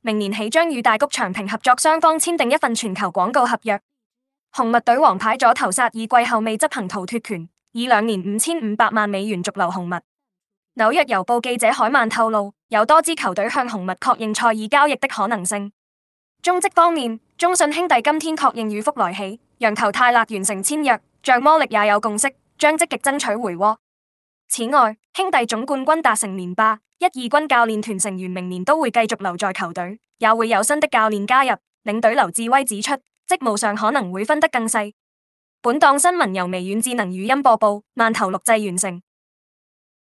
明年起將與大谷翔平合作，雙方簽訂一份全球廣告合約。紅襪隊王牌左投賽爾季後未執行逃脫權，以兩年五千五百萬美元續留紅襪。紐約郵報記者海曼透露，有多支球隊向紅襪確認賽爾交易的可能性。中職方面，中信兄弟今天確認與福來喜、洋球泰勒完成簽約，像魔力也有共識，將積極爭取回鍋。此外，兄弟總冠軍達成連霸，一、二軍教練團成員明年都會繼續留在球隊，也會有新的教練加入。領隊劉志威指出，職務上可能會分得更細。本檔新聞由微軟智能語音播報，慢頭錄製完成。